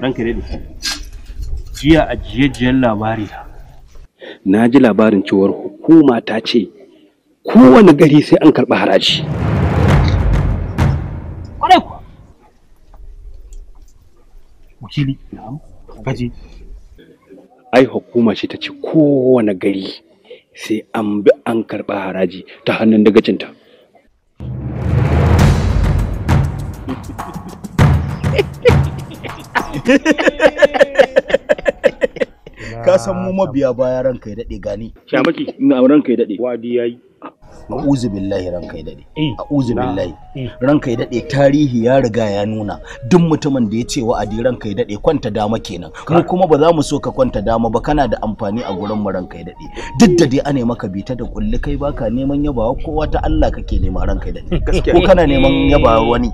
ranka daɗe jiya a jiyajiyar labari na ji labarin cewar hukuma ta ce kowane gari sai an karɓi haraji ƙwarai ku wakili gaji ai hukuma ce ta ce kowane gari sai an bi an karɓi haraji ta hannun dagacinta. ka san mu mabiya baya ranka ya dade gani shamaki ina ranka ya dade wadi yayi a'udhu billahi ranka ya dade eh, a'udhu billahi eh. ranka ya dade tarihi ya riga ya nuna duk mutumin da ya ce wa'adi ranka ya dade kwanta dama kenan mu kuma ba za mu so ka kwanta dama ba kana da amfani a gurin mu ranka ya dade duk da dai ane maka bita da kulli kai baka neman yabawa kowa ta Allah kake nema ranka ya dade ko kana neman yabawa wani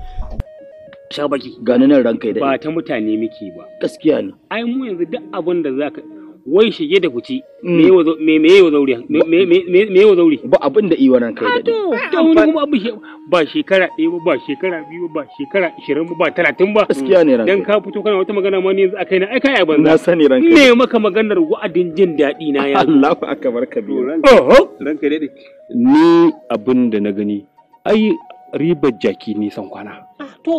sha baki gani nan ranka idan ba ta mutane muke ba gaskiya ne ai mu yanzu duk abin da zaka wai shige da kuci mm. me me me yawa zauri me me me yawa zauri ba abin da iwa ranka idan to da wani kuma abu ba shekara ɗaya ba ba shekara biyu ba ba shekara 20 ba ba 30 ba gaskiya ne ranka dan ka fito kana wata magana ma ne yanzu akai na ai kai banza na sani ranka ne maka maganar wa'adin jin daɗi na ya Allah Allahu barka kabir ranka ranka ni abin da na gani ai ribar jaki nisan kwana. Ah, to,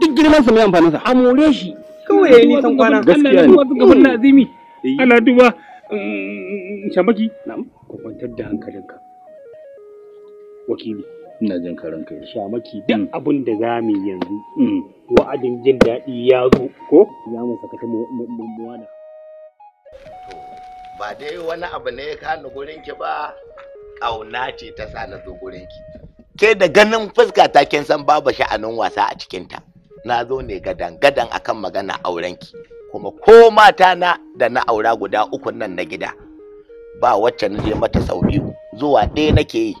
duk girman su mai amfanin sa. A more shi. Kawai ya nisan kwana. Gaskiya ne. Gaban azimi. Eh. Ana duba mm, shamaki. Na Ku kwantar da hankalinka. Wakili. Ina jin karan kai. Shamaki mm. duk abin da za mu yanzu. Mm. Wa'adin jin daɗi ya zo ko? Za mu sakata mu wana. Ba dai wani abu ne ya kani gurinki ba, ƙauna ce ta sa na zo gurinki. Sai da ganin fuska ta kin san babu sha'anin wasa a cikinta na zo ne gadan gadan akan magana ki, kuma ko mata na da na aura guda uku nan na gida ba wacce na je mata sau biyu zuwa ɗaya nake yi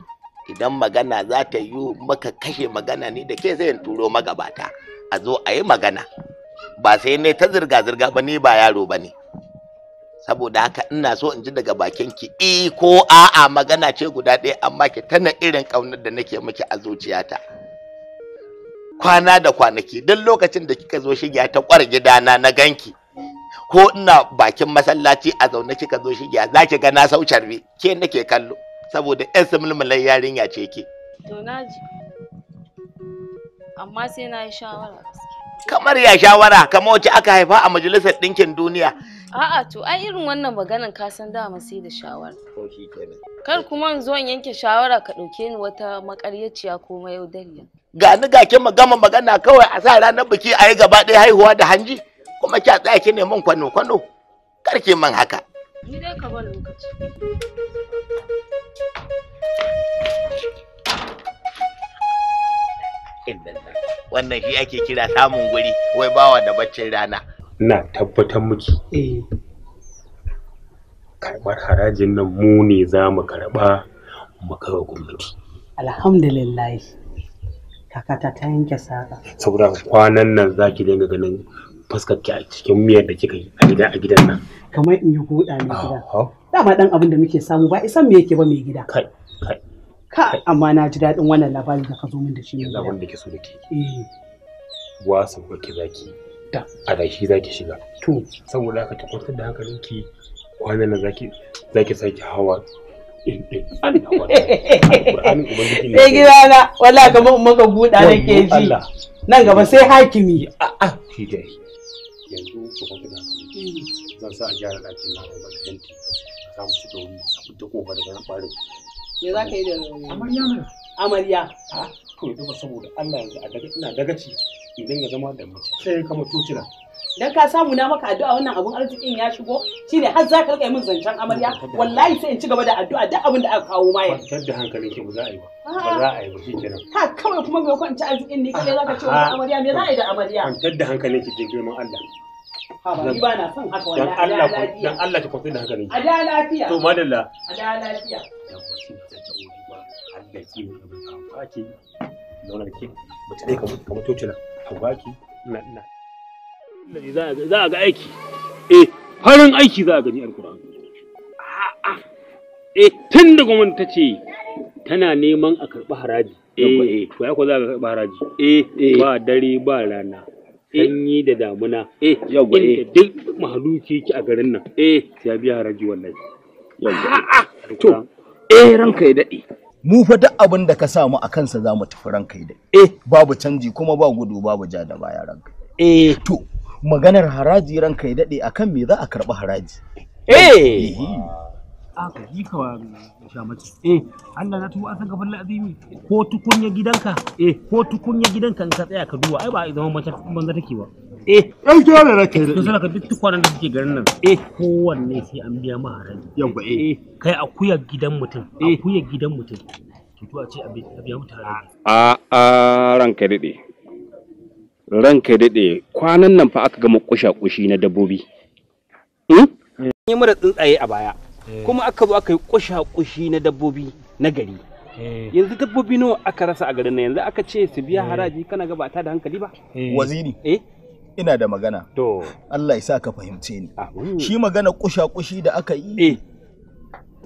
idan magana za ta yi maka kashe magana ni da ke zai turo magabata a zo a yi magana ba sai ne ta zirga-zirga ba ni ba yaro ba ne saboda haka ina so in ji daga bakin ki e eh ko a'a magana ce guda ɗaya amma ki tana irin ƙaunar da nake miki a zuciyata kwana da kwanaki duk lokacin da kika zo shiga ta kwar gidana na ganki ko ina bakin masallaci a zaune kika zo shiga za ki ga na saucar bi ke nake kallo saboda yan sumulmulan yarinya ce ke to naji amma sai na yi shawara kamar ya shawara kamar wacce aka haifa a majalisar ɗinkin duniya A'a to ai irin wannan maganan ka san dama sai da shawara. To shi kenan. Kar kuma in zo in yanke shawara ka ɗauke ni wata makaryaciya ko mayaudariya. Ga ni ga kin gama magana kawai a sa ranar biki a yi gaba ɗaya haihuwa da hanji kuma kya tsaya ki neman kwano kwano. Kar ki man haka. Ni dai ka bar lokaci. Wannan shi ake kira samun guri wai bawa da baccin rana. ina tabbatar miki eh karɓar harajin nan mu ne za mu karɓa mu kawo gwamnati alhamdulillah kakata ta yanke saka saboda kwanan nan za ki dinga ganin fuskar ki a cikin miyar da kika yi a gida a gidan nan kamar in yi huda mai gida dama dan abin da muke samu ba isan me yake ba mai gida kai kai ka amma na ji daɗin wannan labarin da ka zo min da shi yanzu abin da ke so da ke eh. wasu ki zaki ta adashi zaki shiga to saboda haka ki kwantar da hankalinki kwanan nan zaki zaki saki hawa Sai gida na wala ga maka buɗa nake ji nan gaba sai hakimi a'a shi dai yanzu ku kwanta da hankali. zan sa a gyara ɗakin na ba da yanti a samu shi da wuri a ta ƙofa daga nan ɓarin me za ka yi da amarya mana amarya to yanzu ba saboda Allah yanzu a daga ina dagaci idan ya zama da mace sai ka mutu tira dan ka samu na maka addu'a wannan abun arzikin ya shigo shine har za ka rika min zancen amarya wallahi sai in ci gaba da addu'a duk abin da aka kawo ma ya tar da hankalin ki ba za a yi ba ba za a yi ba shikenan ha kawai kuma me kwanta arzikin ne kai za ka ce wannan amarya me za a yi da amarya kwantar da hankalin ki da girman Allah ha ba ni ba na son haka wannan Allah dan Allah ki kwantar da hankalin ki a da lafiya to madalla a da lafiya za a ga aiki eh farin aiki za a gani alkur'an eh tun da gwamnati ta ce tana neman a karɓi haraji eh, eh to ya ko za a karɓi haraji eh, eh. ba dare ba rana eh. sanyi da damuna eh yawa eh duk mahaluki ki a garin nan eh ya biya haraji wallahi yawa to eh ranka ya daɗe mu fa duk abin da ka sa mu a kansa za mu tafi ranka da eh babu canji kuma ba gudu babu ja da baya ranka eh to maganar haraji ranka ya akan me za a karɓi haraji eh aka yi ka sha mace eh Allah na tuba san gaban azimi ko tukunya gidanka eh ko tukunya gidanka in ka tsaya ka duba ai ba zaman mace banza take ba eh ai dole na kai to saka duk tukwanan da suke garin nan eh kowanne sai an biya ma haraji yawa eh. eh kai akuya gidan mutum eh. akuya gidan mutum to a ce a biya mutum haraji a a ranka dade ranka dade kwanan nan fa aka gama kusha kushi na dabbobi hmm? eh. An yi mura tsuntsaye a baya Eh. kuma aka zo aka yi kusha-kushi na dabbobi na gari eh. yanzu dabbobi nawa aka rasa a garin nan yanzu aka ce su biya eh. haraji kana ga ta da hankali ba waziri ina da magana to Allah ya sa ka fahimce ni shi magana kusha-kushi da aka yi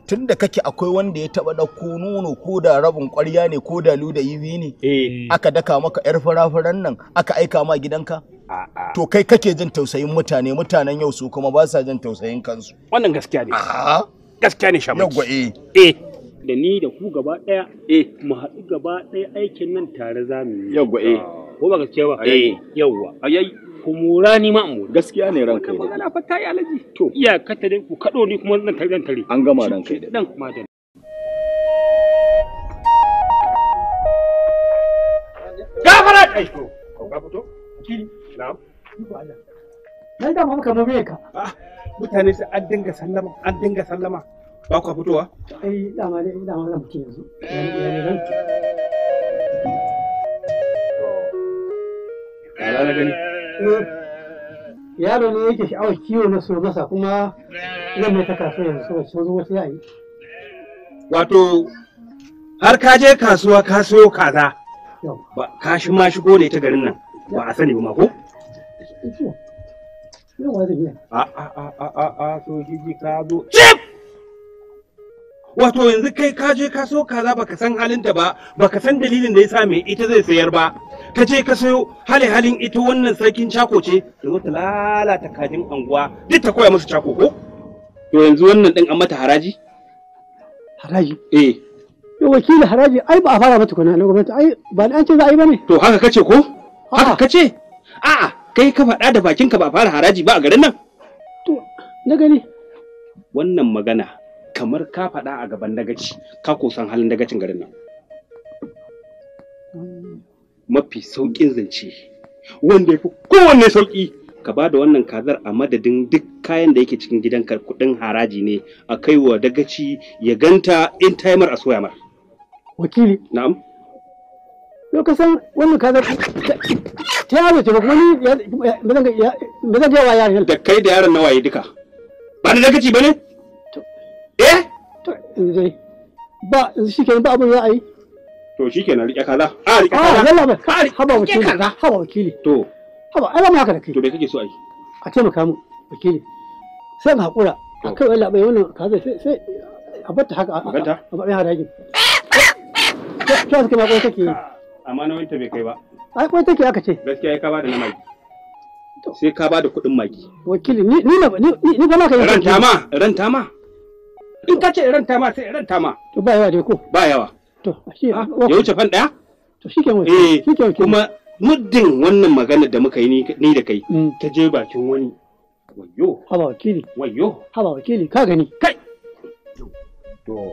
tun da kake akwai wanda ya taba ɗauko nono ko da rabin ƙwarya ne ko da luda ne aka daka maka 'yar fara nan aka aika ma gidanka to kai kake jin tausayin mutane mutanen yau su kuma ba sa jin tausayin kansu wannan gaskiya ne gaskiya ne shamu. yawwa eh eh da ni da ku gaba daya eh mu haɗu gaba daya aikin nan tare za mu yi yawwa eh ko ba gaskiya ba eh yawwa ayi ku mura ni ma mu gaskiya ne ranka ne magana fa tayi alaji to iya kata dai ku kado ni kuma zan tare tare an gama ranka ne dan kuma da gafara kai ka fito Nan da muka mame ka. Ah, mutane sai an dinga sallama, an dinga sallama. Ba kwa fitowa? dai, zan fito yanzu. Eh, Yara na gani. Eh, yaro ne yake sha'awar kiwo na so masa kuma zan mai ta kasuwa yanzu saboda sun zo wata yayi. Wato har ka je kasuwa ka sayo kaza. Ba ka shi ma shigo ne ta garin nan. Ba a sani ba ma ko? Ah, ah, ah, wato yanzu kai ka je ka so kaza baka san halinta ba baka san dalilin da yasa mai ita zai sayar ba ka je ka sayo hale halin ita wannan sarkin cako ce to zo ta lalata kajin anguwa duk ta koya musu cako ko to yanzu wannan din an mata haraji haraji eh to wakili haraji ai ba a fara mata kuna na gwamnati ai ba an ce za a yi bane to haka kace ko haka kace a'a kai ka faɗa da bakinka ba fara haraji ba a garin nan to na gani wannan magana kamar ka faɗa a gaban dagaci ka kosan halin dagacin garin nan mafi sauƙin zance wanda ya fi kowanne sauƙi ka ba da wannan kazar a madadin duk kayan da yake cikin gidanka kuɗin haraji ne a kai wa dagaci ya ganta in timer a soya mar wakili na'am yau ka san wannan kazar ta yaro ce ba kuma ni me zan gaya wa yaran da kai da yaron na waye duka ba da dagaci ba ne eh to dai ba shi ba abun za a yi to shi kenan rike kaza a rike kaza a lalla ba haba wakili haba wakili to haba ai ba haka da kai to me kake so a yi a ce mu kamu wakili sai ka hakura a kai wani labai wannan kaza sai sai a batta haka a batta a batta haka da to sai kai ma amma na wani ta bai kai ba ai kwai take aka ce gaskiya ka bada na maki sai ka bada kuɗin maki wakili ni ni ni ni ba ka yi ranta ma ranta ma in ka ce ranta ma sai ranta ma to ba yawa dai ko ba yawa to shi ah, ya wuce fan daya to ke wuce. eh kuma muddin wannan magana da muka yi ni da kai mm. ta je bakin wani wayo haba wakili Wayyo. haba wakili ka gani kai to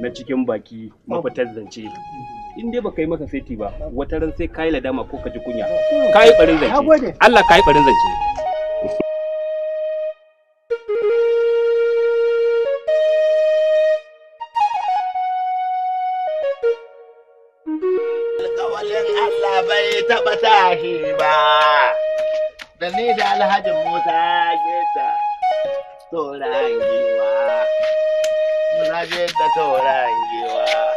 na cikin baki mafitar zance in dai baka yi masa saiti ba wata ran sai kai ladama ko ka ji kunya kai barin zance Allah kai barin zance Alƙawalin Allah bai taɓa tashi ba, da ni da Alhaji Musa gida tsoron giwa, na da tsoron giwa.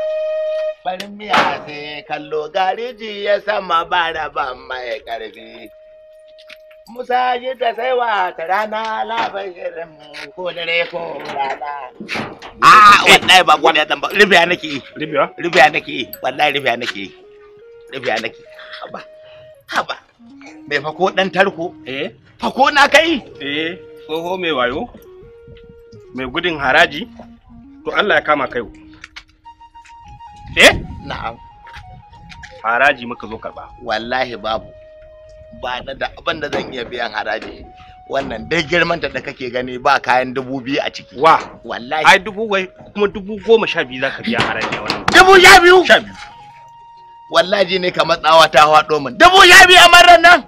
farin miya sai kallo gariji ya sama ba rabon mai karfi Musa ji da sai wata rana labarin ko dare ko rana. A wallahi ba gwada dan ba rubiya nake yi. Rubiya? Rubiya nake yi. Wallahi rubiya nake yi. Rubiya nake. Haba. Haba. Me fa ko dan tarko? Eh. Fa ko na kai? Eh. Tsoho mai wayo. Mai gudun haraji. To Allah ya kama kai. eh na'am haraji muka zo karba wallahi babu ba na da abin da zan iya biyan haraji wannan dai girman da kake gani ba kayan dubu biyu a ciki wa wallahi ai dubu wai kuma dubu goma sha biyu zaka biya haraji wannan dubu sha biyu sha biyu wallahi ne kamar tsawa ta haɗo min dubu sha biyu a marar nan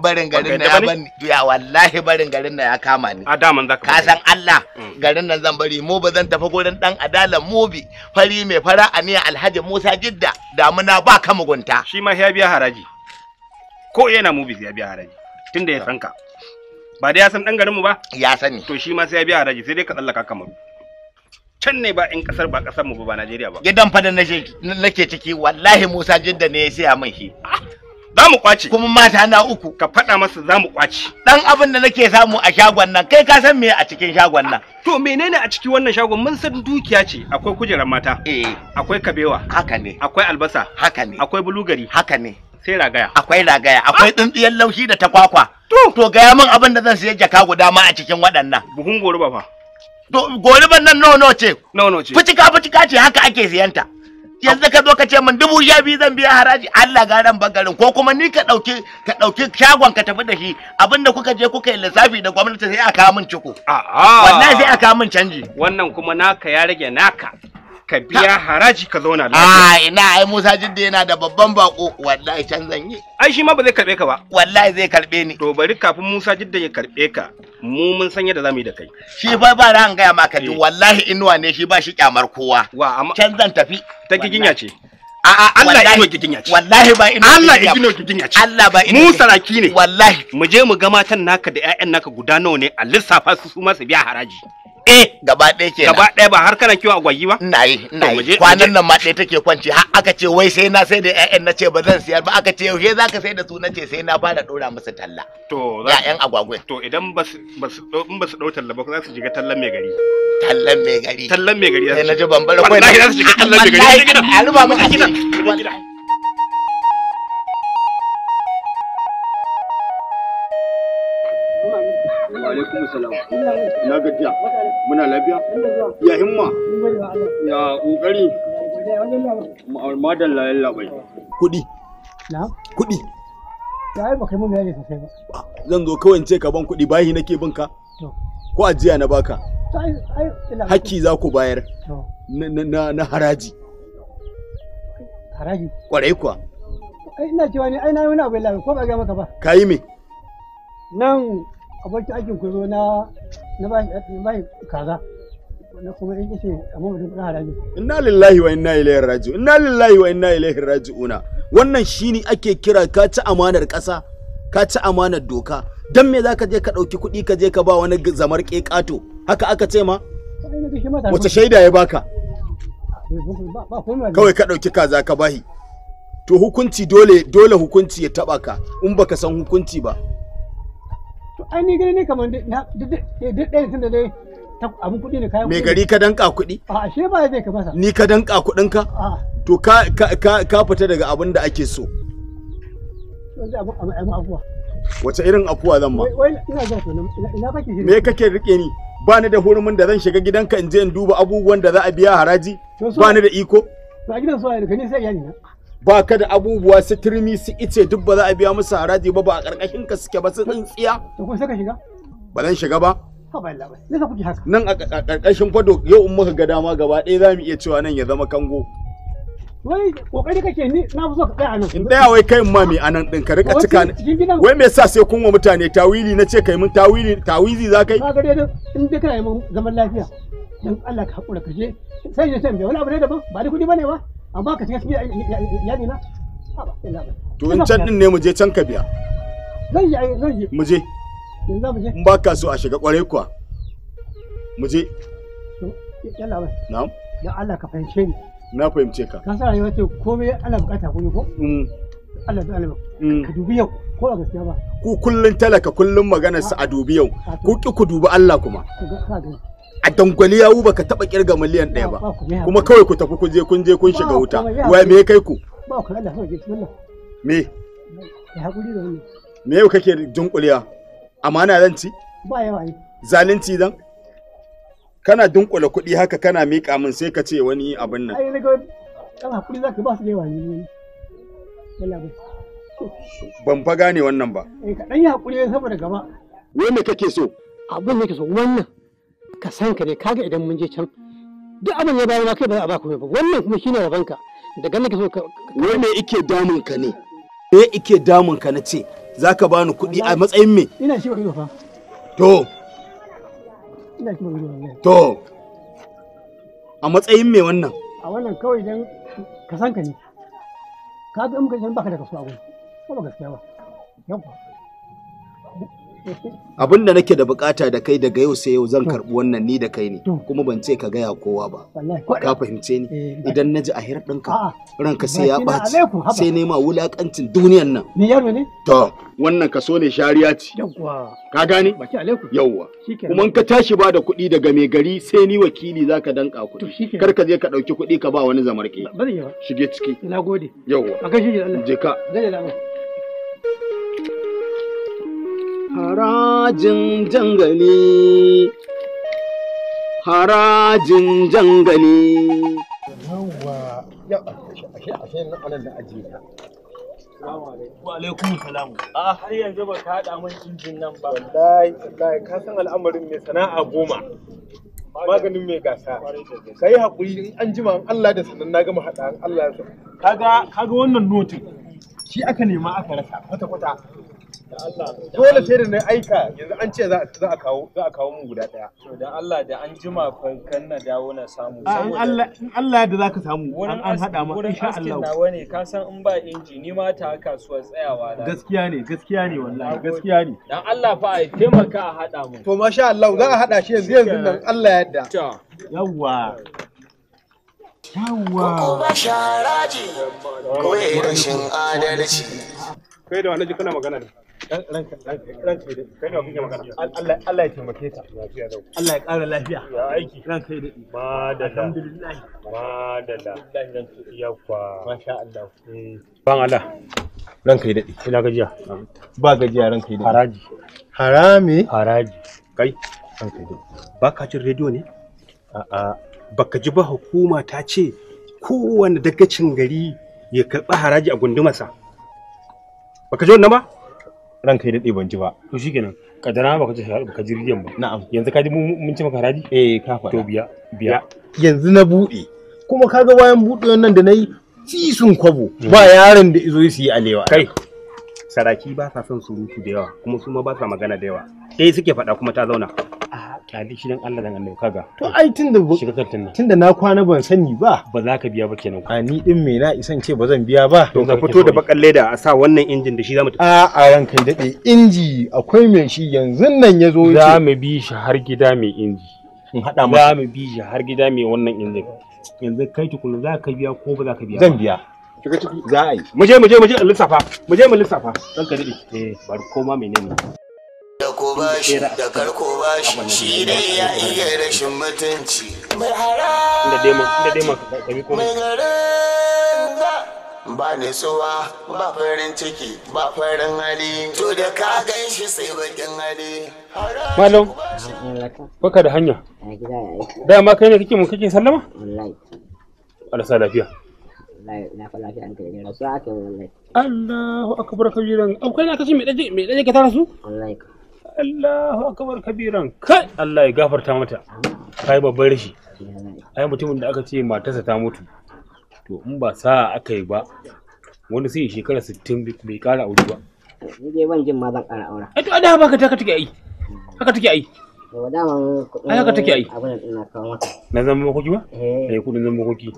barin garin na ya bani ya wallahi barin garin na ya kama ni a daman zaka ka san Allah mm. garin nan zan bari mu ba zan tafi gurin dan adalan mubi fari mai fara aniya Alhaji Musa Jidda damuna ba ka mugunta shi ma ya biya haraji ko yana mubi ya biya haraji tunda ya san ka ba da ya san dan mu ba ya sani to shi ma sai ya biya haraji sai dai ka tsallaka kamar can ne ba in kasar ba kasar mu ba Najeriya ba gidan fa da nake ciki wallahi Musa Jidda ne ya siya mai shi ah! za mu kwace kuma mata na uku ka faɗa masa za mu kwace dan abin da nake samu a shagon nan kai ka san me a cikin shagon nan to menene a cikin wannan shagon mun san dukiya ce akwai kujerar mata eh akwai kabewa haka ne akwai albasa haka ne akwai bulugari haka ne sai ragaya akwai ragaya akwai ah! tsintsiyar laushi da ta kwakwa to gaya min abin da zan siya jaka guda ma a cikin waɗannan buhun goruba fa to goruban nan nono ce nono ce fitika fitika ce haka ake siyanta yanzu ka zo ka ce min dubu ya biyu zan biya haraji Allah ga ran ko kuma ni ka ɗauki ka shagon ka tafi da shi abinda kuka je kuka yi lissafi da gwamnati sai aka min ciko. A'a. Wannan sai aka min canji. Wannan kuma naka ya rage naka. ka biya haraji ka zauna lafiya. A ah, ina ai Musa Jidda yana da babban bako wallahi can zan yi. Ai shi ma ba zai karbe ka ba. Wallahi zai karbe ni. To bari kafin Musa Jidda ya karbe ka mu mun san yadda zamu yi da kai. Shi fa ba ran gaya maka ji eh. wallahi inuwa ne shi ba shi kyamar kowa. Wa amma can zan tafi. Ta giginya ce. A'a Allah ya ino giginya ce. Wallahi ba inuwa. Allah ya ino giginya ce. Allah ba inuwa. Mu raki ne. Wallahi. Mu je mu ga matan naka da 'ya'yan naka guda nawa ne a lissafa su su ma su biya haraji. eh gaba ɗaya kenan gaba ɗaya ba har kana kiwo gwaji ba na yi na yi kwanan nan ma ɗaya take kwanci har aka ce wai sai na sai da ƴaƴan na ce ba zan siyar ba aka ce yaushe zaka sai da su na ce sai na fara ɗora musu talla to ƴaƴan agwagwai to idan ba su ba su in ba su ɗau talla ba za su shiga tallan mai gari tallan mai gari tallan mai gari sai na ji bambara kwai na za su shiga tallan mai gari a ba mun a gidan alaikum salam na gajiya muna lafiya ya himma ya kokari layan kuɗi ya ba ah, ce ka ban kuɗi bayi nake bin ka ko ajiya na baka hakki za ku bayar na haraji kwarai kuwa ya ko ba ga maka kayi me nan abokin aikin ku zo na na bayan kaza na kuma in ce a mamadin kudin haraji inna lillahi wa inna ilaihi raji'un inna lillahi wa inna ilaihi raji'una wannan shine ake kira ka ci amanar ƙasa ka ci amanar doka dan me zaka je ka ɗauki kuɗi ka je ka ba wani zamar ƙeƙato haka aka ce ma Wata shaida ya baka kawai ka ɗauki kaza ka bahi to hukunci dole dole hukunci ya taɓa ka in baka san hukunci ba to ai ni gani ne kamar duk ɗaya tun da dai abin kuɗi ne kayan me gari ka danka kuɗi a ashe ba zai ka masa ni ka danka kuɗin ka to ka ka ka fita daga abin da ake so wace irin afuwa zan ma me kake rike ni ba ni da hurumin da zan shiga gidanka in je in duba abubuwan da za a biya haraji ba ni da iko ba gidan so ne sai iyali na ba ka da abubuwa su turmi su ice duk ba za a biya musu haraji ba ba a ƙarƙashin ka suke ba su tsintsiya to ko sai ka shiga ba zan shiga ba nan a ƙarƙashin fado yau in muka ga dama gaba ɗaya za mu iya cewa nan ya zama kango wai kokari kake ni na fi so ka tsaya a nan in tsaya wai kai ma mai anan din ka rika cika ni wai me yasa sai kun wa mutane tawili na ce kai mun tawili tawizi za kai ka ga dai in dai kana yi zaman lafiya dan Allah ka hakura ka je sai ya san bai wani abu ne daban ba da kudi bane ba amma ka shiga cikin iyali na to in can din ne mu je can ka biya zan yi zan yi mu je in ba ka so a shiga kwarai kuwa mu je yalla bai na'am dan Allah ka fahimce ni na fahimce ka ka sa rayuwa ce komai ana bukata ko ko mm. Allah da Allah mm. ka dubi yau ko a gaskiya ba ku kullun talaka kullun maganar sa a dubi yau ku ki ku dubi Allah kuma ka ga a ya yawu ka taba kirga miliyan ɗaya ba kuma kawai ku tafi kun je kun je kun shiga wuta wai me kai ku me me yau kake dunkuliya amana zan ci zalunci zan kana dunkula kuɗi haka kana miƙa min sai ka ce wani abin nan ban fa gane wannan ba eh saboda gaba wai me kake so abin kake so wannan ka san ka ne kaga idan mun je can duk abin ya bayyana ma kai ba za a ba ku ba wannan kuma shine rabanka da ganin ka so ka me ike damun ka ne me ike damun ka na ce zaka bani kuɗi a matsayin me ina shi ba ba to ina shi ba to a matsayin me wannan a wannan kawai dan ka san ka ne ka ga in ka san baka da kaso a gurin ba gaskiya ba yawa abin da nake da bukata da kai daga yau sai yau zan karbi wannan ni da kai ne kuma ban ce ka gaya kowa ba ka fahimce ni eh, idan naji a hir ɗinka ranka sai ya ɓaci sai nema wulakancin duniyan nan ni yaro ne to wannan kaso ne shariya ce ka gane yawwa kuma ka tashi ba da kuɗi daga mai gari sai ni wakili zaka danka kuɗi kar ka je ka ɗauki kuɗi ka ba wani zamarke shige ciki nagode yawwa je ka harajin jangali harajin jangali yawwa ya ashe ashe na wannan da ajiye ka wa alaikum salam a har yanzu ba ka hada min injin nan ba wallahi wallahi ka san al'amarin mai sana'a goma maganin mai gasa ka yi haƙuri in an jima an Allah da sanan na gama hada an Allah ya kaga kaga wannan notin shi aka nema aka rasa kwata-kwata dole sai da na aika yanzu an ce za a kawo za a kawo mun guda daya to da Allah da an jima kan na dawo na samu saboda Allah in Allah da zaka samu an an hada ma insha Allah nawa ne ka san in ba inji ni ma ta kasuwar tsayawa da gaskiya ne gaskiya ne wallahi gaskiya ne dan Allah fa ai taimaka a hada mu to masha Allah za a hada shi yanzu yanzu nan Allah ya yarda yawwa yawwa ko ba sharaji ko rashin adalci kai da wani kana magana ne. Allah ya taimake ka. Allah ya ƙara lafiya. Ya aiki. Ranka ya daɗi. Madalla. Alhamdulillah. Madalla. Yawwa. Masha Allah. Ban Allah. Ranka ya daɗi. Ina gajiya. Ba gajiya ranka ya daɗi. Haraji. Harami. Haraji. Kai. Ranka ya daɗi. Ba ka jin rediyo ne? A'a. Baka ji ba hukuma ta ce kowane dagacin gari ya karɓi haraji a gundumarsa. Baka ji wannan ba? ranka ya daɗe ban ji ba. To shikenan kadana ba ka ji riyan ba. Na'am. Yanzu ka ji mun ci maka haraji? Eh ka faɗa. To biya biya. Yanzu na buɗe kuma kaga bayan buɗe wannan da na yi cisun kwabo mm. ba yaron da izo su yi alewa. Kai saraki ba sa son surutu da yawa kuma su ma ba sa magana da yawa. E, suke faɗa kuma ta zauna. kyale shi don Allah dan Allah kaga to ai tunda shiga kantin nan tunda na kwana ban sani ba ba za ka biya ba kenan a ni din me na isan ce ba zan biya ba to ka fito da bakan leda a sa wannan injin da shi zamu a a ranka dade inji akwai mai shi yanzu nan ya zo za mu bi shi har gida mai inji in hada masa za mu bi shi har gida mai wannan injin yanzu kai tukuna za ka biya ko ba za ka biya zan biya shiga ciki za a yi mu je mu je mu je lissafa mu je mu lissafa ranka dade eh bar koma menene ko bashi da karko bashi shi dai ya iya rashin mutunci mai harada mai garanta ba nutsuwa ba farin ciki ba farin hali to da ka gan shi sai bakin hali malam baka da hanya dama kai ne kake kake sallama lafiya Allahu akbar kabiran. Au kai na kashi mai daje mai daje ka tara su? Allahu akbar kabiran kai Allah ya gafarta mata kai babbar rashi ai mutumin da aka ce matarsa ta mutu to in ba sa aka yi ba wani sai shekara 60 bai kara aure ba ni dai ban jin ma zan kara aure ai to a da haka take ai haka take ai to dama ai haka take ai abin ina kawo mata na zan zama makoki ba eh, eh kudin zama makoki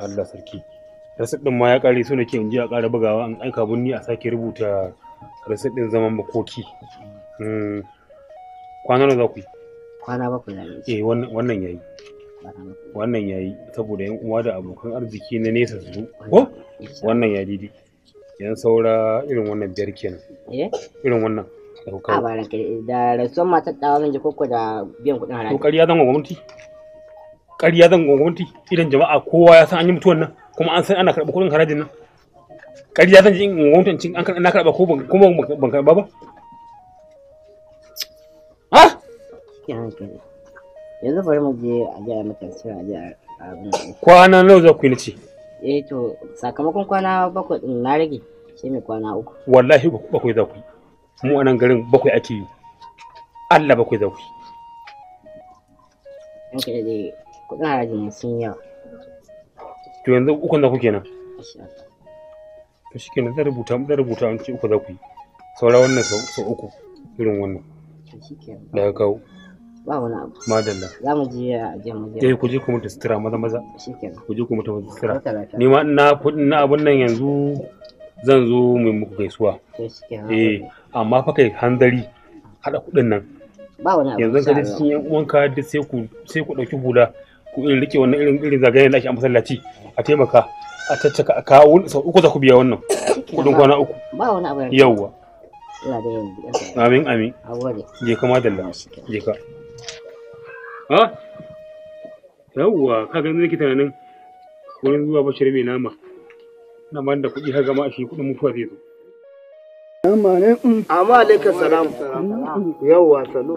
Allah sarki rasu din ma ya kare su nake in ji a kara bugawa an aika bunni a sake rubuta rasu din zaman makoki Mm. kwana na za ku yi kwana bakwai na mu eh wannan yayi wannan yayi saboda yan uwa da abokan arziki na nesa su ko wannan ya didi yan saura irin wannan biyar kenan eh? irin wannan daukar a baran da rasuwar matar dawa zan ji koko da biyan kudin haraji kokari ya zan gwamnati kari ya wa gwamnati idan jama'a kowa ya san an yi mutuwan nan kuma an san ana karɓar kudin harajin nan kari zan ji gwamnati an karɓa ko ban karɓa ba yanzu bari mu je a je a mata a je a kwana nawa za ku yi nace eh to sakamakon kwana bakwai din na rage sai mai kwana uku wallahi bakwai za ku yi mu anan garin bakwai ake yi Allah bakwai za ku yi in ka dai kudin harajin sun yawa to yanzu uku da kuke nan to shi kenan zan rubuta zan rubuta an ce uku za ku yi saura wannan sau uku irin wannan da kawo ba wani abu madalla za mu je a je mu je eh ku je ku mutu sutura maza maza shikenan ku je ku mutu sutura ni ma na na abun nan yanzu zan zo mu muku gaisuwa eh amma fa kai hanzari hada kudin nan ba wani abu yanzu ka je cikin yan uwanka duk sai ku sai ku dauki hula ku irin rike wannan irin irin zagayen da ake a masallaci a taimaka a tattaka a kawo sau uku za ku biya wannan kudin kwana uku ba wani abu yawwa amin amin je ka madalla je ka ha yawwa ka ga nake tunanin wurin zuwa bashir mai nama na ban da kuɗi har gama shi kuɗin mutuwa zai zo amma alaikum salam yawwa salo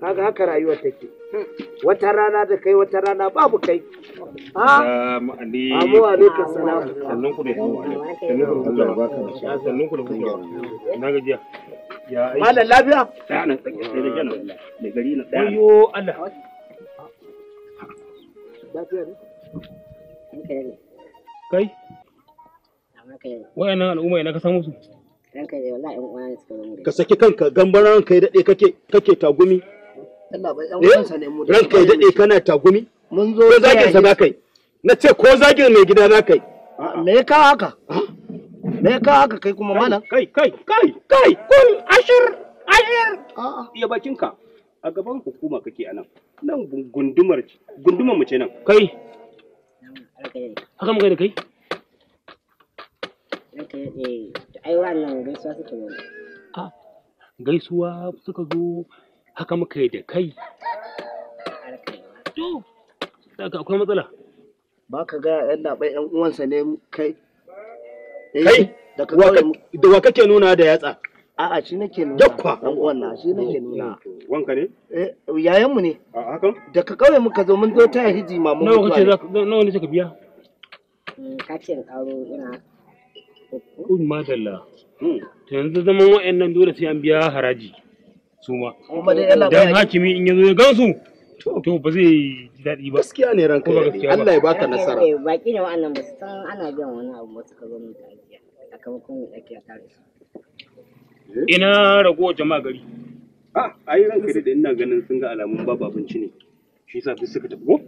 kaga haka rayuwar take wata rana da kai wata rana babu kai ha ah. ah. amu alaikum. salam sannan ku da sannan ku da ah, Na ga jiya Ya ai Malam lafiya? sai nan tsakiya sai da jana. Da gari na tsaya. Ayyo Allah. Lafiya ne? Kai? Wayannan al'umma ina ka san musu? ranka da wallahi yan uwa suka zo ka saki kanka gambaran ya dade kake kake tagumi Allah ba yan eh? uwansa ne mu ranka ya dade kana tagumi mun zo ko zagin sa ba kai na ce ko zagin mai gida na kai me ka haka me ka haka kai kuma mana kai kai kai kai kun ashir ashir ya bakin ka a gaban hukuma kake anan nan gundumar gundumar mu ce nan kai haka mu kai da kai ai wannan gaisuwa suka yi a gaisuwa suka zo haka muka yi da kai to daga akwai matsala ba ka ga yan labai yan uwansa ne kai eh, kai da wa kake nuna da yatsa a'a shi nake nuna dakwa dan uwan na shi nake nuna wanka ne eh yayan mu ne a da ka kauye muka zo mun zo ta hiji mamu nawa kace nawa ne ka biya hmm, ka ce karo ina kun madalla hmm. to yanzu zaman wa'annan dole sai an biya haraji su ma dan hakimi in yazo ya gan su, to ba zai ji daɗi ba gaskiya ne ranka Allah ya baka nasara eh, baki ne wa'annan ba su san ana biyan wani abu ba suka zo mu da ajiya sakamakon mu dake a tare eh? ina rago jama'a gari a ah, ai ranka da ina ganin sun ga alamun babu abinci ne shi yasa duk suka tafi ko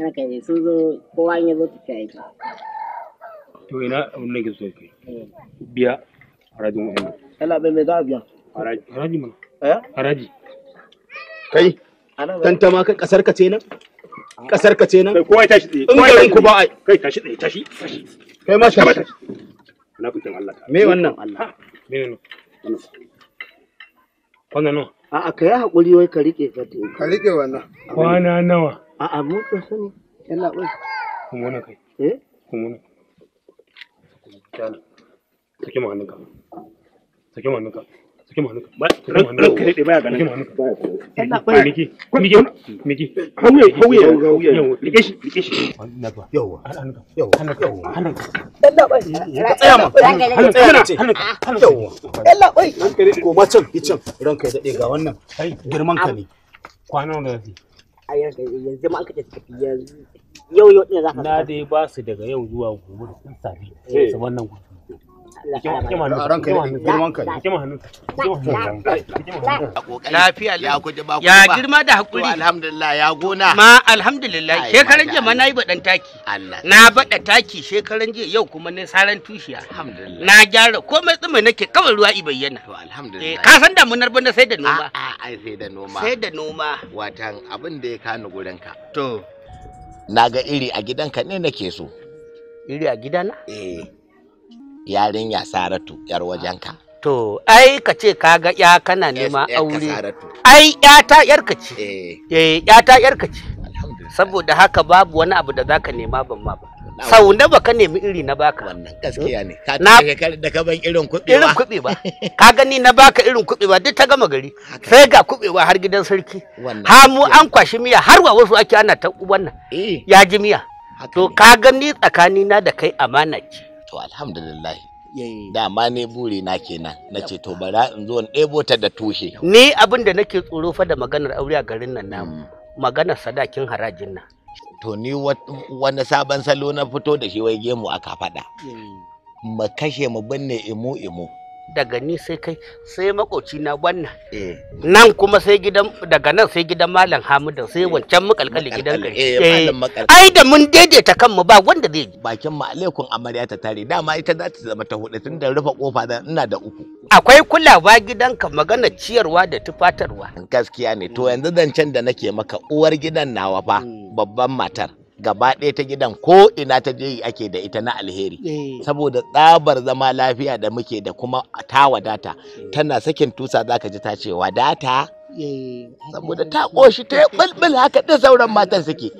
ranka sun zo kowa ya zo tafiya yake to ina so kai biya harajin wa'annan bai mai za a biya haraji eh? kasar ka ce nan kasar ka ce nan kai tashi tsaye ku ba na Allah me wannan Allah me wannan a'a kai ka rike ka ka rike ka sani Allah kuma kai eh kuma kyala sake mu hannunka sake mu hannunka sake mu hannunka ranka ne baya ganin baya miki miki miki hauye hauye hauye rike shi rike shi yawa hannunka yawa hannunka yawa hannunka dalla bai ranka ya dade ga wannan girman ka ne kwana da yanzu a yanzu ma an kace yau yau ɗin za ka na dai ba su daga yau zuwa gobe da sun sabi eh. su wannan gudu ya girma da hakuri alhamdulillah ya gona ma alhamdulillah shekaran jiya ma nayi badan taki na bada taki shekaran jiya yau kuma ne saran tushiya na gyara komai tsumi nake kawai ruwa i bayyana alhamdulillah eh, ka san damunar bana sai da noma a sai da noma sai da noma watan abin da ya kani gurin ka to na ga iri a gidanka ne nake so iri a gidana eh yarinya saratu yar wajenka to ai ka ce ka ga ya kana nema aure ai yar ka ce eh, eh yar yarka ce saboda haka babu wani abu da zaka nema ban ma ba sau da baka nemi iri na baka wannan gaskiya ne ka ta shekarar da ban irin kuɓewa irin kuɓewa ka gani na baka irin kuɓewa duk ta gama gari sai ga kuɓewa har gidan sarki ha mu an kwashi miya har wa wasu ake ana ta wannan eh. ya ji miya to ka gani tsakanina da kai amana ce to alhamdulillah ma ne buri na kenan na to bara in zo in ɗebo ta da tushe ni abin da nake tsoro fa da maganar aure a garin nan namu mm. maganar sadakin harajin nan to ni wani sabon salo na fito da shi wai gemu aka faɗa eh. mu kashe mu binne imu imu daga ni sai kai sai makoci na wannan eh. nan kuma sai gidan daga nan sai gidan malam hamidan sai eh. wancan makalkali gidan kai ai da mun daidaita kanmu ba wanda zai bakin mu alaikum amarya ta tare dama ita za ta zama ta hudu tun da rufe kofa ina da uku akwai kulawa gidanka magana ciyarwa da tufatarwa gaskiya ne to yanzu zancen da nake maka uwar gidan nawa fa hmm. babban matar gaba ɗaya ta gidan ko ina ta je ake da ita na alheri hmm. saboda tsabar zama lafiya da muke da kuma ta wadata hmm. tana sakin tusa zaka ji ta ce wadata saboda ta ƙoshi ta bulbul haka da sauran matan suke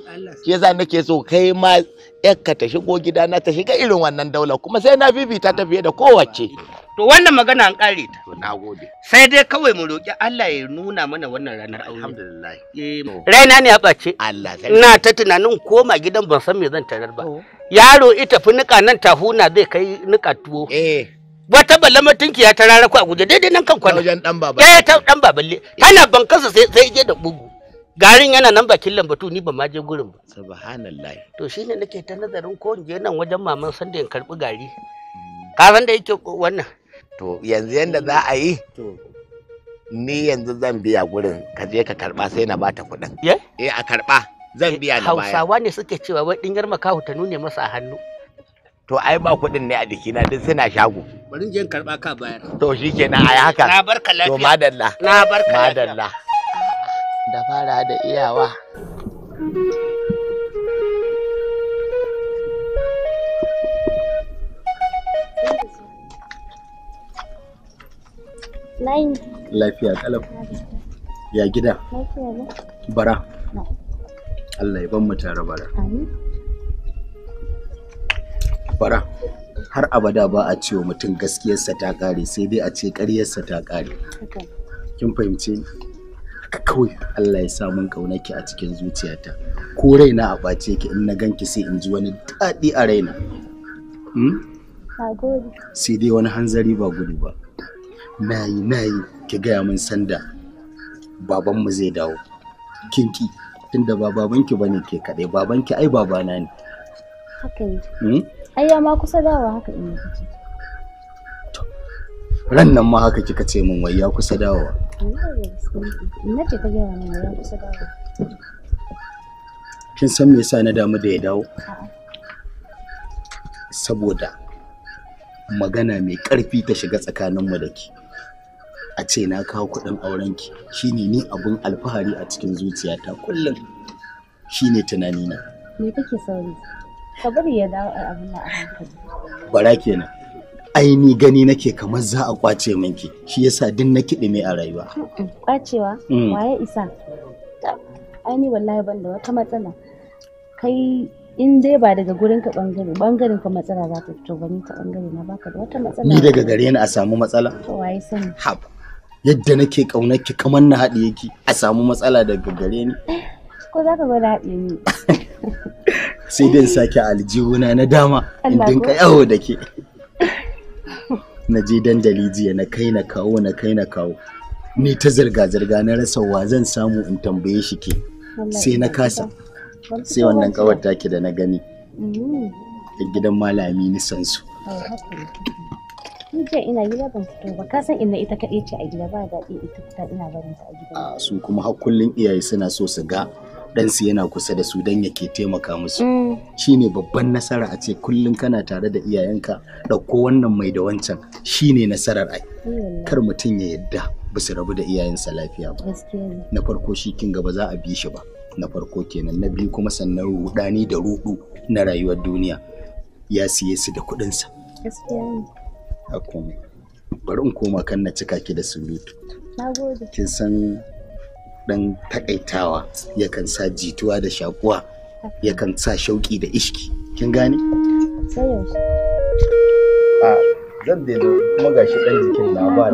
shi yasa nake so kai ma yakka ta shigo gidana ta shiga irin wannan daular, kuma sai na bibi ta tafiye da kowace To wannan magana an kare ta. To nagode. Sai dai kawai mu roki Allah ya nuna mana wannan ranar aure. Alhamdulillah. Eh, raina ne ya ɓace. Allah zai. Ina ta tunanin koma gidan ban san me zan tarar ba. Yaro ita fi nika nan tahuna zai kai nika tuwo. Eh. wata balle mutunki ya tarara ku a guje daidai nan kan kwana wajen dan baba eh ta dan baballe eh. tana bankansa sai sai je da bugu garin yana nan bakin lambatu ni ba ma je gurin ba Subhanallah. to shine nake ta nazarin ko je nan wajen maman sanda in karbi gari ka san da yake wannan to yanzu yanda za a yi ni yanzu zan biya gurin ka je ka karba sai na bata kuɗin eh a karba zan biya na baya hausawa ne suke cewa wai dingar makahu ta nune masa a hannu to ai ba kuɗin ne a jikina duk suna shago. Bari je karba ka bayar. To shi ai haka. Na barka lafiya. To madalla. Na barka Madalla. Da fara da iyawa. Lafiya kalab. Ya gida. Bara. Allah ya ban mu tare bara. Bara. Har abada ba a cewa mutum gaskiyarsa ta kare sai dai a ce ƙaryarsa ta kare. Kin fahimce kawai Allah ya sa mun kaunaki a cikin zuciyata. Ko raina a ɓace ki in na ganki sai in ji wani daɗi a raina. Hmm? Sai dai wani hanzari ba gudu ba. na yi na yi ki gaya min sanda babanmu zai dawo kinki tunda ba babanki ba ne ke kaɗai babanki ai babana ne haka ne hmm? ai ya ma kusa dawa haka in kike ran nan ma haka kika ce min wai ya kusa dawa. ce ka ya kusa kin san me yasa na damu da ya dawo saboda magana mai ƙarfi ta shiga tsakaninmu da ke a ce na kawo kuɗin aurenki shine ni abun alfahari a cikin zuciyata kullum shine na. me kake sauri ka bari ya dawo a abin a hankali bara kenan ai ni gani nake kamar za a kwace ki, shi yasa din na kiɗi me a rayuwa kwacewa mm. waye isa ai ni wallahi ban da wata matsala kai in dai ba daga gurin ka bangare bangaren ka matsala za ta fito ba ni ta bangare na baka da wata matsala ni daga gare ni a samu matsala to waye sani haba yadda nake ƙaunar ki kamar na haɗiye ki a samu matsala daga gare ni ko za ka gwada haɗiye ni sai dai sake aljihuna na dama in dinka yawo da ke na je dandali jiya na kai na kawo na kai na kawo ni ta zirga-zirga na rasa wa zan samu in tambaye shi ke sai na kasa sai wannan kawar take da na gani da mm. gidan malami san su oh, Ni ina gida ban fito ba, ka san ita kaɗai ce a gida ba daɗi ita fita ina barin ta a gida. Ah, su kuma har kullun iyaye suna so su ga ɗansu yana kusa da su dan yake taimaka musu. Mm. shine babban nasara a ce kullum kana tare da iyayenka ɗauko wannan mai da wancan shine nasarar ai. Kar mutum ya yadda ba su rabu da iyayensa lafiya ba. Na farko shi kin gaba za a bi shi ba. Na farko kenan na biyu kuma sannan ruɗani da ruɗu na rayuwar duniya ya siye su da kuɗinsa. a komai bari in koma kan na cika ki da surutu kin san dan takaitawa yakan sa jituwa da shakuwa yakan sa shauki da ishki kin gane a zan daina kuma gashi dan jikin na ba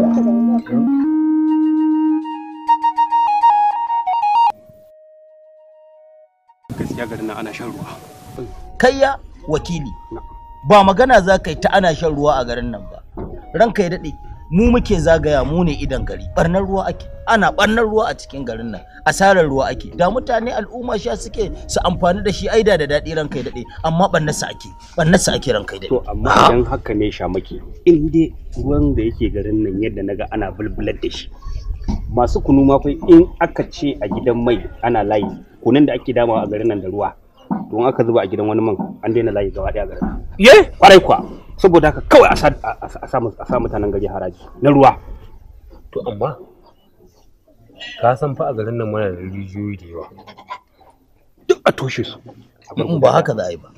da ana shan ruwa kayya wakili ba magana za ka yi ta ana shan ruwa a garin nan ba ranka ya daɗe mu muke zagaya mu ne idan gari barnar ruwa ake ana barnar ruwa a cikin garin nan asarar ruwa ake da mutane al'umma sha suke su amfani da shi aida da daɗi ranka ya daɗe amma sa ake sa ake ranka ya daɗe to amma idan haka ne sha shamaki in dai ruwan da yake garin nan yadda naga ana bulbular da shi masu kunu ma kai in aka ce a gidan mai ana layi kunun da ake damawa a garin nan da ruwa To in aka zuba a gidan wani man an daina layi gaba daya garin ye kwarai kwa saboda haka kawai a sa mutanen gari haraji na ruwa to amma ka san fa a garin nan mana da rijiyoyi da yawa duk a toshe su in ba haka za a yi ba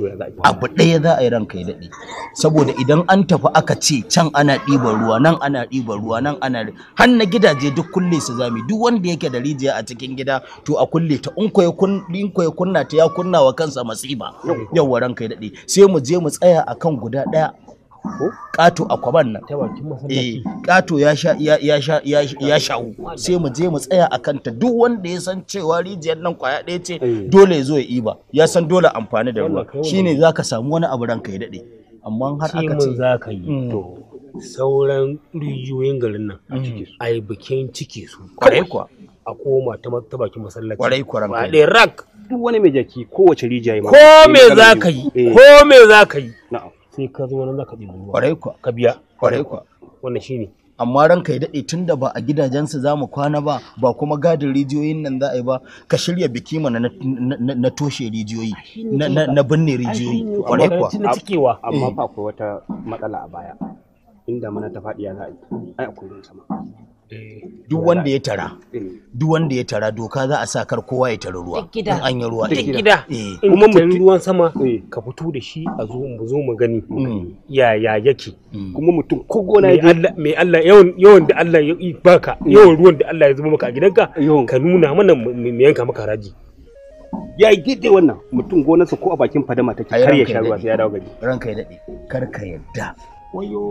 abu ɗaya za a yi ranka ya daɗe saboda idan an tafi aka ce can ana ɗiban ruwa nan ana ɗiban ruwa nan ana har na gidaje duk kulle su zami duk wanda yake da rijiya a cikin gida to a kulle ta in ko ya kunna ta ya kunna wa kansa masiba yawwa ranka ya daɗe sai mu je mu tsaya akan guda ɗaya ƙato a kwaban nan ƙato eh, ya sha'u sai mu je mu tsaya a kanta duk wanda ya san cewa rijiyar nan kwaya ɗaya ce eh. dole ya zo ya iba ya san dole amfani da ruwa shine za ka samu wani abu ranka ya daɗe amma har aka ce za ka yi mm. to sauran rijiyoyin garin nan a yi bikin ciki su kwarai kuwa a koma ta bakin masallaci kwarai kwarai ba ɗaya rak duk wani mai jaki kowace rijiya ko me za ka yi eh. ko me za ka yi na'am sai ka zo nan za ka ɗibi ruwa kwarai kuwa ka biya kwarai kuwa wannan shine amma ranka ya daɗe tun da ba a gidajensu za mu kwana ba ba kuma gadin rijiyoyin nan za a yi ba ka shirya biki mana na toshe rijiyoyi na binne rijiyoyi kwarai kuwa amma fa akwai wata matsala a baya inda mana ta faɗi ya za a yi ai akwai ruwan sama Eh, duk wanda ya tara eh. duk wanda ya tara doka za a sa kar kowa ya tara ruwa in an yi ruwa duk eh. gida kuma mutum ruwan sama ka fito da shi a zo mu zo mu gani mm. ya ya yake mm. kuma mutum ko gona ya Allah mai Allah yawan yawan da Allah ya baka mm. yawan ruwan da Allah ya zuba maka a gidanka ka nuna mana mu yanka maka haraji ya yi daidai wannan mutum gonarsa ko a bakin fadama take har ya sha ruwa sai ya dawo gari ranka ya dade kar ka yadda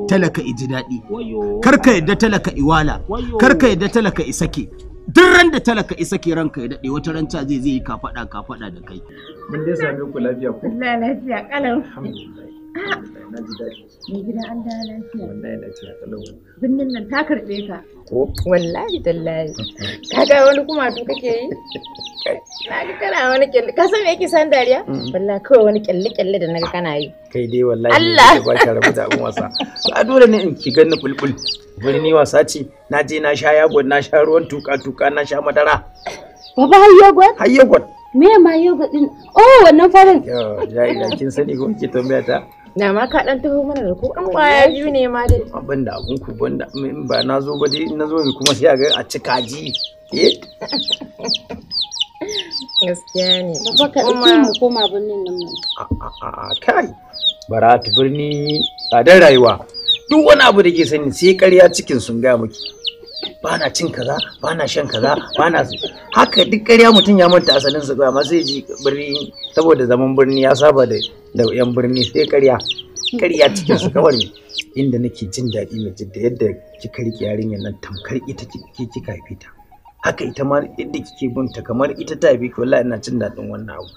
talaka iji daɗi karka yadda talaka iwala karka yadda talaka isake duk ran da talaka isake ranka ya daɗe wata ranta zai zai yi kafaɗa kafaɗa da kai mun na ji mai gida an da lafiya wallahi lafiya binnin nan ta ka ko wallahi wani kuma to kake yi na ga kana wani kyalle ka san me yake san dariya mm. wallahi kawai wani kyalle kyalle da naga kana yi kai dai wallahi Allah ba rabu da abun wasa a dole ne in ki ganni bulbul wani ni wasa ce na je na sha yagon na sha ruwan tuka tuka na sha madara baba hayyagon hayyagon me ma yoga din oh wannan farin ya ila kin sani ko ki tambaya ta Na ma ka dan taho mana da ku an kwaya biyu ne ma dai. Abin da abun ku banda in ba na zo ba dai in na zo kuma sai a ga a ci kaji. Eh? Gaskiya ne. Ba ka ɗauki mu koma birnin nan mu. A'a kai. Baratu birni tsadar rayuwa. Duk wani abu da ke sani sai ƙarya cikin sun ga miki. bana cin kaza bana shan kaza bana haka duk ƙarya mutum ya manta asalin su amma sai ji birni saboda zaman birni ya saba da da yan birni sai ƙarya ƙarya cikin su kawai inda nake jin daɗi mai jidda yadda kika rike yarinyar nan tamkar ita kika haife ta haka ita ma yadda kike binta kamar ita ta haife ki wallahi ina jin daɗin wannan abu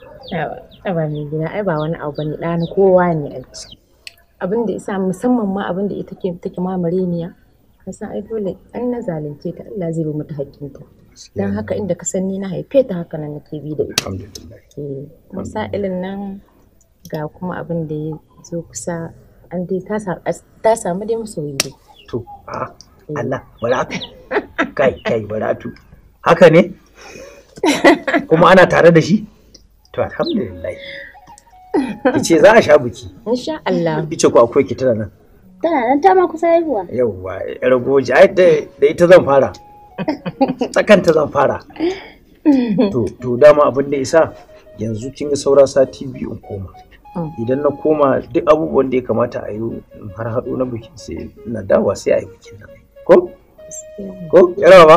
ai ba mai gina ai ba wani abu bane ɗa kowa ne abin da isa musamman ma abin da ita take take mamareniya ka san ai dole an na zalunce ta Allah zai bi mata haƙƙinta dan haka inda ka san ni na haife ta haka nan nake bi da ita eh, kuma masailin nan ga kuma abin da ya zo kusa an dai ta samu dai masoyi dai to eh. Allah baratu kai kai baratu haka ne kuma ana tare da shi to alhamdulillah ki ce za a sha biki insha Allah ki ce ku akwai ki tana nan Tana nan ta ma kusa haihuwa. Yawwa, ƴar goji, ai da ita zan fara. Tsakanta zan fara. To, to dama abin da isa yanzu kin ga saura sati biyu in koma. Mm. Idan na koma duk abubuwan da ya kamata a yi har haɗo na bikin sai na dawa sai a yi bikin nan. Ko? Ko? Yarawa ba?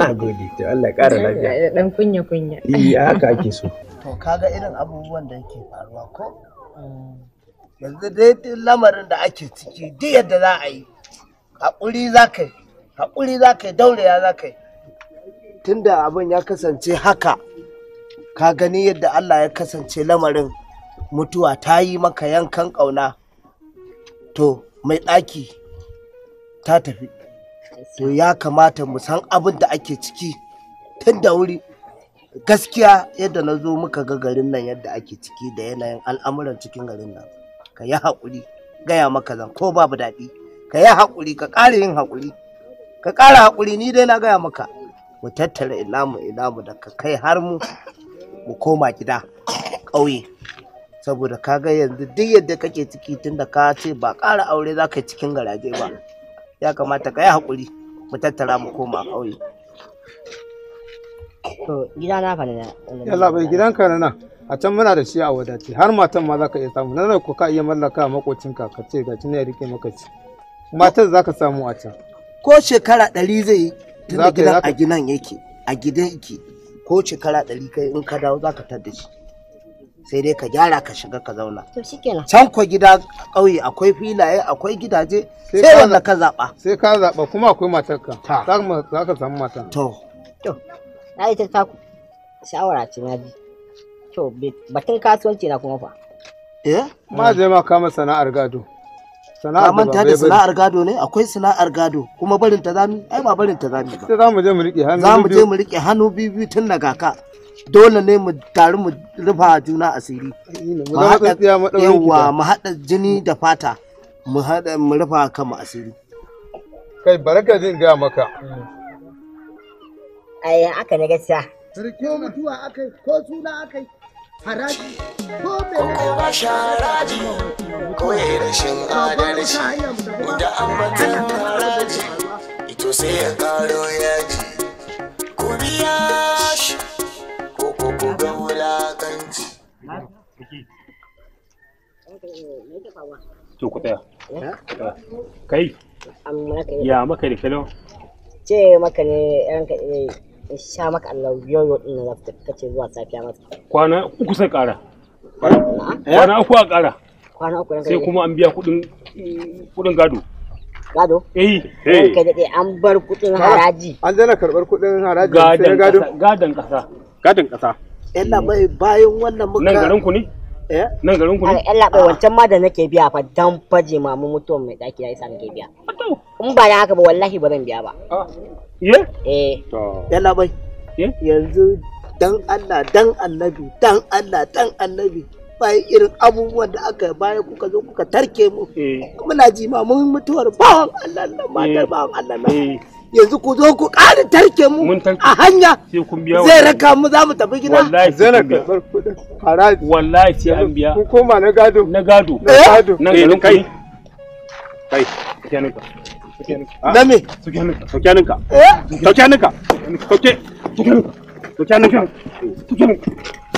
Na gode, to Allah ya ƙara lafiya. Dan kunya kunya. Iya, eh, haka ake so. To kaga irin abubuwan da yake faruwa ko? Mm. yanzu dai lamarin da ake ciki duk yadda za a yi haƙuri za ka yi haƙuri za ka yi daurewa za ka yi tunda abin ya kasance haka ka gani yadda Allah ya kasance lamarin mutuwa ta yi maka yankan ƙauna to mai ɗaki ta tafi to ya kamata mu san abin da ake ciki tun da wuri gaskiya yadda na zo muka ga garin nan yadda ake ciki da yanayin al'amuran cikin garin nan ka yi haƙuri gaya maka zan ko babu daɗi ka yi haƙuri ka ƙara yin haƙuri ka ƙara haƙuri ni dai na gaya maka mu tattara ilamu ilamu da ka kai har mu mu koma gida ƙauye saboda ka ga yanzu duk yadda kake ciki tun da ka ce ba ƙara aure za ka yi cikin garaje ba ya kamata ka yi haƙuri mu tattara mu koma ƙauye. gida na Yalla bai gidanka na a can muna da shi a wadace har matan ma zaka iya samu nan ko ka iya mallaka makocinka ka ce ga ne ya rike maka ci matan zaka samu a can ko shekara ɗari zai yi tunda gidan a gidan yake a gidan yake ko shekara ɗari kai in ka dawo zaka tadda shi sai dai ka gyara ka shiga ka zauna can ko gida ƙauye akwai filaye akwai gidaje sai wanda ka zaɓa sai ka zaɓa kuma akwai matarka za ka samu matan to to na ita ta shawara ce na biyu To, batun kasuwanci na kuma fa. Eh? Ma je ma kama sana'ar gado. Sana'ar ba ba sana'ar gado ne akwai sana'ar gado kuma barin ta zami ai ba barin ta zami ba. za mu je mu riƙe hannu biyu. Za mu je mu riƙe hannu biyu tun daga ka. dole ne mu taru mu rufa juna asiri yawa mu haɗa jini da fata mu haɗa mu rufa kama asiri kai baraka jin ga maka ai haka ne gaskiya sarki mutuwa akai ko suna akai haraji ko kuma sharaji ko rashin adalci da ambatin haraji ito sai ya karo yaji ku biya shi ko ko ku ga wulakanci to ku tsaya kai ya maka da ce maka ne ranka eh, in sha maka Allah yoyo din kace zuwa safiya mata kwana uku sai kwana uku a ƙara kwana uku sai kuma an biya kuɗin gado gado eh eh kai an bar kuɗin haraji an zana haraji sai gado ƙasa bai bayan wannan muka nan garin ku ne Eh? nan garin ku ne Allah ba ah. wancan ma da nake biya fa dan faje mu mutuwan mai daki yayi san ke biya in ba na haka ba wallahi ba zan biya ba eh eh to yalla bai yanzu dan Allah dan annabi dan Allah dan annabi bayan irin abubuwan da aka bayan kuka zo kuka tarke mu eh. muna ji ma mun mutuwar bawan Allah nan matar eh. bawan Allah nan yanzu ku zo ku ƙara tarke mu a hanya zai raka mu za mu tafi gida wallahi zai haraji wallahi sai an biya ku koma na gado na gado na eh? gado na kai kai na me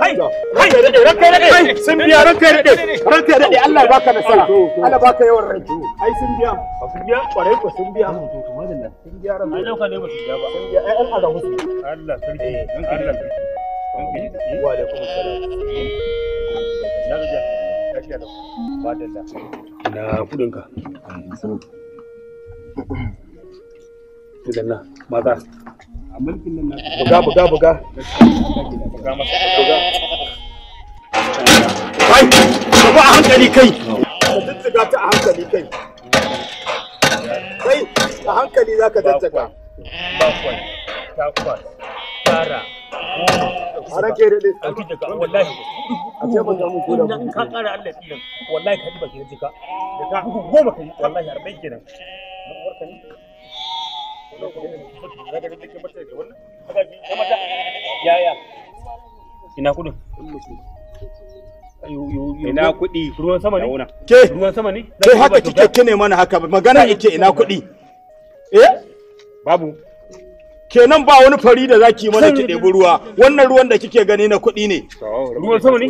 hai hai ranka ya dade sun biya ranka ya dade ranka ya dade Allah baka nasara Allah baka yawan rai ai sun biya ba sun biya kwarai ko sun biya sun biya ai ne ba biya ba sun biya ai an Allah sarki Allah wa na da na kudin ka maza a mulkin nan buga buga buga buga masa buga kai ka ba a hankali kai ka tattaka ta a hankali kai kai a hankali za ka tattaka bakwai takwas tara ke rede. wallahi. Wallahi jika. ina kudin ina kudi ruwan sama ne ke ruwan sama ne ke haka kike kine mana haka magana yake ina kudi eh babu kenan ba wani fari da zaki mana ki ɗebi ruwa wannan ruwan da kike gani na kuɗi ne ruwan sama ne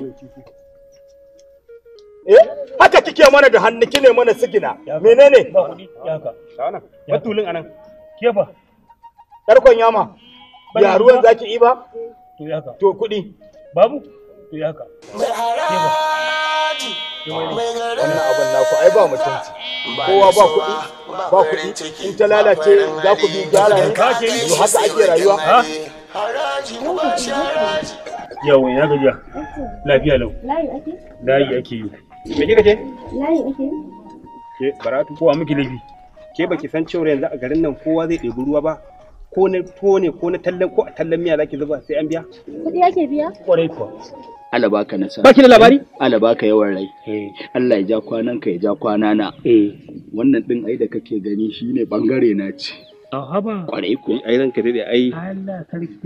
eh haka kike mana da hannu kine mana sigina menene ba kuɗi haka batulin anan kefa tarkon yama ya ruwan zaki iba to ya ka to kuɗi. babu to ya ka mai wannan abin naku ai ba mutunci kowa ba kuɗi ba kuɗi in ta lalace za ku bi gyara ne haka ake rayuwa yawon ya gajiya lafiya lau layi ake yi me kika ce layi ake yi ke baratu kowa miki laifi ke baki san cewa yanzu a garin nan kowa zai ɗebi ruwa ba ko na tuwo ne ko na tallan ko a tallan miya zaki zuba sai an biya kuɗi yake biya kwarai kuwa Allah baka nasara baki da labari Allah baka yawan rai eh. Allah ya ja kwanan ka ya ja kwana na eh. wannan din ai da kake gani shine bangare na ce Ahaba. Kwarai ko. Ai ka dade ai.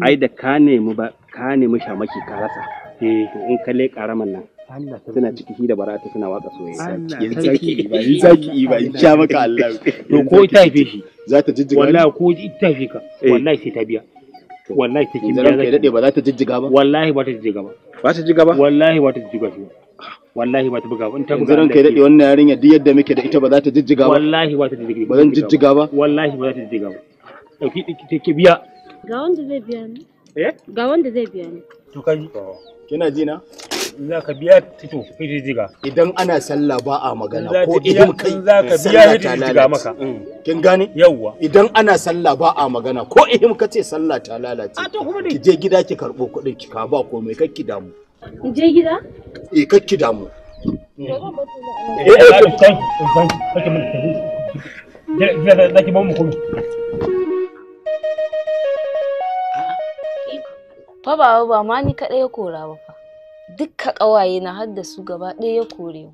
Ai da ka nemi ba ka nemi shamaki ka rasa. Eh to in ka le karaman nan suna ciki shi da barata suna waka soyayya in zaki ba in zaki ba in sha maka Allah to ko ita haife shi za ta jijjiga wallahi ko ita haife ka eh. wallahi sai ta biya wallahi take biya zaki dade ba za ta jijjiga ba wallahi ba ta jijjiga ba ba ta jijjiga ba wallahi ba ta jijjiga ba wallahi ba ta buga ba in ta buga ranka dade wannan yarinya duk yadda muke da ita ba za ta jijjiga ba wallahi ba ta jijjiga ba zan jijjiga ba wallahi ba za ta jijjiga ba dauki take biya ga wanda zai biya ni eh ga wanda zai biya ni to kai kina ji na za ka biya tito hididiga idan ana sallah ba a magana ko idan kai za ka biya hididiga maka mm. kin gane yawwa idan ana sallah ba a magana ko ihim kace sallah ta lalace ki je gida ki karbo kuɗin ki ka ba ko mai kakki damu je gida eh kakki damu mm. eh eh Fa ba ba ma ni kaɗai ya kora ba fa. dukka ƙawaye na har da su gaba ɗaya ya kore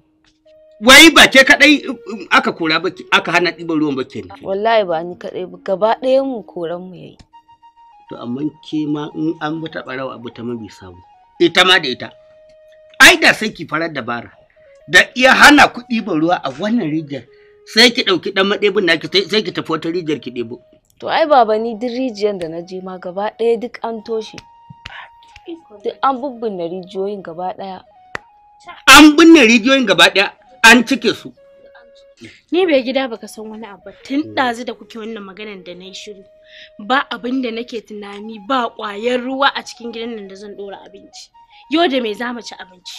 wai ba ke kadai um, aka kora ba aka hana ɗiban ruwan ba ke wallahi ba ni kadai ba gaba ɗaya mu koran mu yayi to amma ke ma in an buta barawa abu ta mabi samu ita ma da ita ai da sai ki farar dabara da iya hana ku ɗiban ruwa a wannan rijiyar sai ki ɗauki ɗan maɗebin na ki sai ki tafi wata rijiyar ki ɗebo. To ai baba ni duk rijiyar da na je ma gaba ɗaya duk an toshe. duk an bubbunna rijiyoyin gaba daya an binne rijiyoyin gaba daya an cike su ni bai gida baka san wani abu tun ɗazu da kuke wannan maganar da na yi shiru ba abin da nake tunani ba ƙwayar ruwa a cikin gidan nan da zan ɗora abinci yau da me za mu ci abinci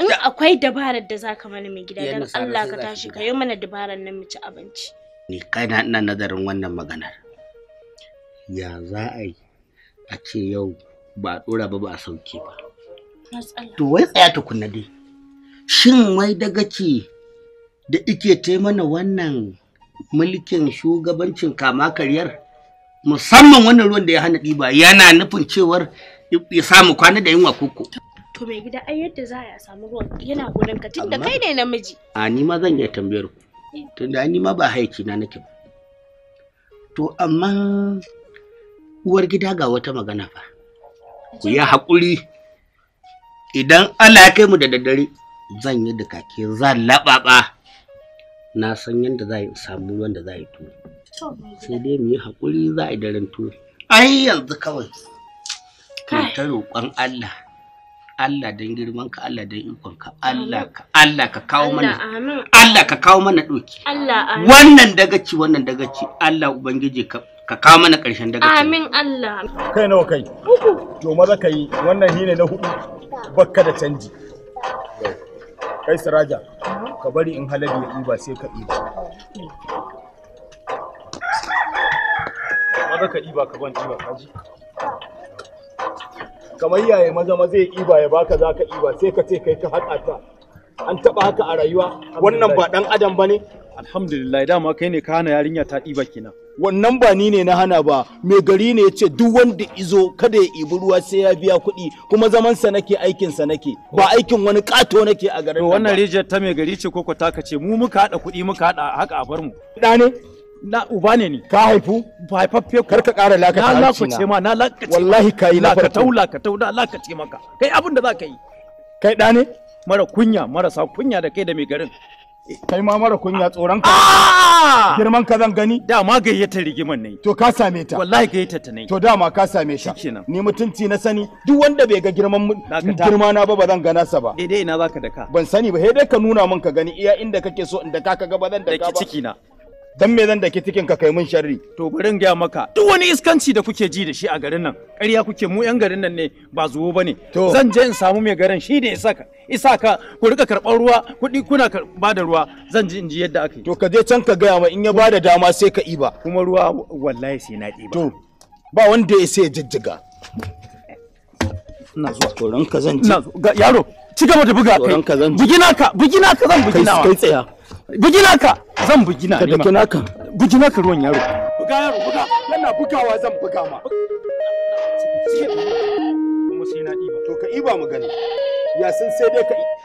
in akwai dabarar da za ka mana mai gida don Allah ka tashi ka yi mana dabarar nan mu ci abinci ni kaina ina nazarin wannan maganar ya za a yi a ce yau ba a ɗora ba ba a sauke ba. To wai tsaya tukunna dai. Shin wai daga ke da ike ta mana wannan mulkin shugabancin kama karyar musamman wannan ruwan da ya hana ɗiba yana nufin cewar ya samu kwana da yunwa koko. To mai gida ai yadda za a samu ruwan yana gudan ka tunda kai ne namiji. A ni ma zan iya tambayar ku. Eh. Tunda ni ma ba haiki na nake ba. To amma uwar gida ga wata magana fa. ku yi haƙuri idan Allah ya kai mu da daddare zan yi da kake zan laɓaɓa na san yadda za yi samu wanda za yi tuwo sai dai mu yi haƙuri za a yi daren tuwo ai yanzu kawai Ka ta roƙon Allah Allah don girman ka Allah don ikon ka Allah ka Allah ka kawo mana Allah ka kawo mana doki Allah wannan dagaci wannan dagaci Allah ubangiji ka ka kawo mana ƙarshen daga amin Allah kai nawa kai to maza ka yi wannan shine na hudu bakka da canji kai siraja ka bari in halabi ya ɗiba sai ka ɗiba maza ka ɗiba ka ban ɗiba ji. kamar yaye maza maza ya ɗiba ya baka za ka ɗiba sai ka ce kai ka haɗa ta an taɓa haka a rayuwa wannan ba ɗan adam ba ne alhamdulillah dama kai ne ka hana yarinya ta ɗiba kenan wannan ba ni ne na hana ba mai gari ne ya ce duk wanda izo kada ya ibi ruwa sai ya biya kuɗi kuma zaman sa nake aikin sa nake ba aikin wani kato nake a garin wannan rijiyar ta mai gari ce ko ko taka ce mu muka hada kuɗi muka hada haka a bar mu da ne na uba ne ni ka haifu ba haifaffe kar ka ƙara lakata na lakace ma na lakace wallahi kai na lakatau lakatau na lakace maka kai abin da za ka yi kai da ne mara kunya mara sa kunya da kai da mai garin kai ma mara kunya tsoron ka ah! girman ka zan gani dama gayyatar rigimar ne to ka same ta wallahi gayyatar ta ne to dama ka same shi ni mutunci na sani duk wanda bai ga girman girma na ba ba zan gana sa ba daidai ina zaka daka ban sani ba sai dai ka nuna min ka gani iya inda kake so inda ka ga ba zan daka ba ciki na dan me zan daki cikin ka kai mun sharri to bari gaya maka duk wani iskanci da kuke ji da shi a garin nan ƙarya kuke mu yan garin nan ne ba zuwo bane zan je in samu mai garin shi ne isaka isaka ku rika karɓar ruwa kuɗi kuna ba da ruwa zan ji in ji yadda aka yi to ka je can ka gaya ma in ya bada dama sai ka iba kuma ruwa wallahi sai na ɗiba to ba wanda ya sai jijjiga ina zuwa to ranka zan ji yaro ci gaba da buga kai bugina ka bugina ka zan bugina kai tsaya bugina ka zan bugi na da ke naka bugi naka ruwan yaro buga yaro buga yana bugawa zan buga ma kuma sai na iba to ka iba mu gani ya san sai dai ka